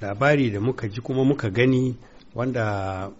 labari da muka ji kuma muka gani wanda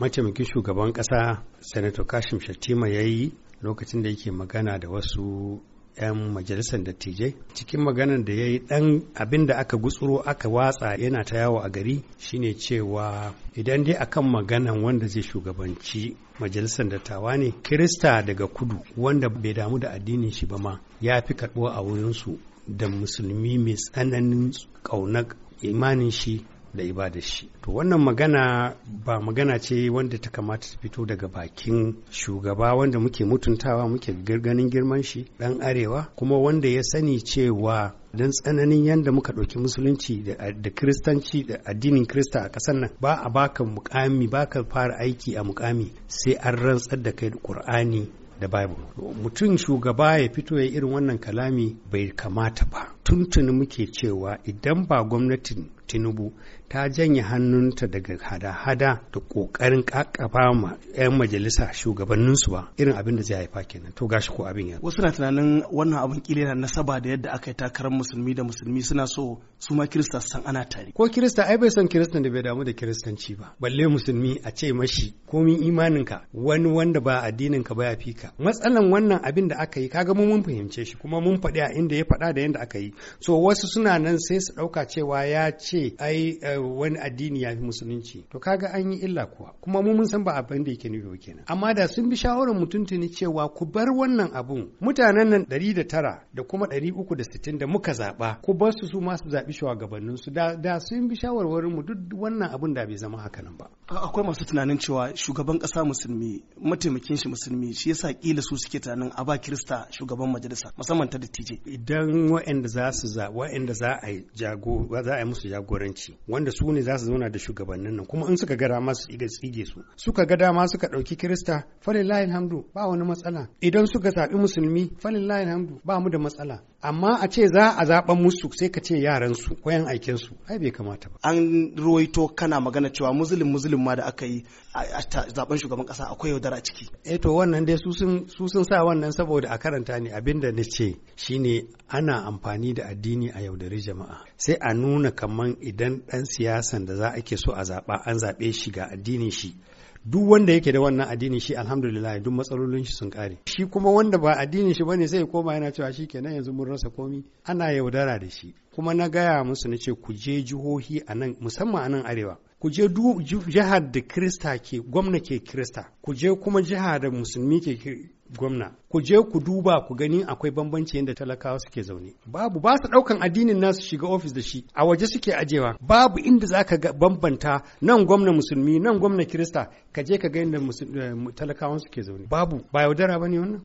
mataimakin shugaban kasa senato kashim shattima ya yi lokacin da yake magana da wasu 'yan majalisar dattijai cikin maganar da ya yi ɗan abin da aka gutsuro aka watsa yana ta yawo a gari shine cewa idan dai akan maganan wanda zai shugabanci majalisar dattawa ne kirista daga kudu wanda bai damu da addinin shi ba ma ya fi karɓo a wurinsu da musulmi mai tsananin ƙaunar imanin shi da ibadar shi to wannan magana ba magana ce wanda ta kamata ta fito daga bakin shugaba wanda muke mutuntawa muke ganin girman shi dan arewa kuma wanda ya sani cewa dan tsananin yadda muka ɗauki musulunci da kiristanci da addinin kirista a ƙasar nan ba a baka mukami baka fara aiki a mukami sai an rantsar da kai da qur'ani da bible mutum shugaba ya fito ya irin wannan kalami bai kamata ba tuntuni muke cewa idan ba gwamnatin tinubu ta janye hannunta daga hada-hada da kokarin kakaba ma 'yan majalisa shugabanninsu ba irin abin da zai haifa kenan to gashi ko abin ya wasu na tunanin wannan abin kila yana nasaba da yadda aka yi takarar musulmi da musulmi suna so su ma kirista san ana tare ko kirista ai bai son kiristan da bai damu da kiristanci ba balle musulmi a ce mashi komin imaninka wani wanda ba addinin ka ba ya fi ka matsalan wannan abin da aka yi kaga mun fahimce shi kuma mun faɗi a inda ya faɗa da yadda aka yi so wasu suna nan sai su ɗauka cewa ya ce ai eh, wani addini ya fi musulunci to kaga an yi illa kuwa kuma mu mun san ba abin da yake nufi kenan amma da sun bi shawarar mutum tuni cewa ku bar wannan abun mutanen nan ɗari da tara da kuma ɗari uku da sittin da muka zaɓa ku bar su su ma zaɓi shugabannin su da sun bi shawarwarin mu duk wannan abun da bai zama haka nan ba akwai masu tunanin cewa shugaban ƙasa musulmi mataimakin shi musulmi shi yasa kila su suke tunanin a ba kirista shugaban majalisa musamman ta dattijai idan waɗanda za za su waɗanda za a yi za a musu jagoranci wanda su ne za su zauna da shugabannin nan kuma in suka ga dama su iga tsige su suka ga dama suka ɗauki kirista falillahi hamdu ba wani matsala idan suka zaɓi musulmi falillahi hamdu ba mu da matsala amma a ce za a zaben musu sai ka ce yaransu ko aikinsu ai bai kamata ba an ruwaito kana magana cewa muzulin muzulin ma da aka yi a zaben shugaban kasa akwai yaudara a ciki eh to wannan dai su sun sa wannan saboda a karanta ne abinda na ce shine ana amfani da addini a yaudari jama'a sai a nuna kaman idan dan siyasan da za a so a zaɓa an zaɓe shi ga addinin shi duk wanda yake da wannan addinin shi alhamdulillah duk matsalolin shi sun kare shi kuma wanda ba addinin shi bane zai koma yana cewa shi kenan yanzu mun rasa komi ana yaudara da shi kuma na gaya musu na ce ku je jihohi a nan musamman a nan arewa ku je jihar da Kirista ke gwamna ke Kirista, ku je kuma jiha da musulmi ke gwamna, ku je ku duba ku gani akwai bambanci yadda talakawa suke zaune. Babu ba su ɗaukan addinin nasu shiga ofis da shi, a waje suke ajewa. Babu inda za ka bambanta nan gwamna musulmi, nan gwamna Kirista, ka je ka ga yadda eh, talakawa suke zaune. Babu, ba yaudara ba ne wannan?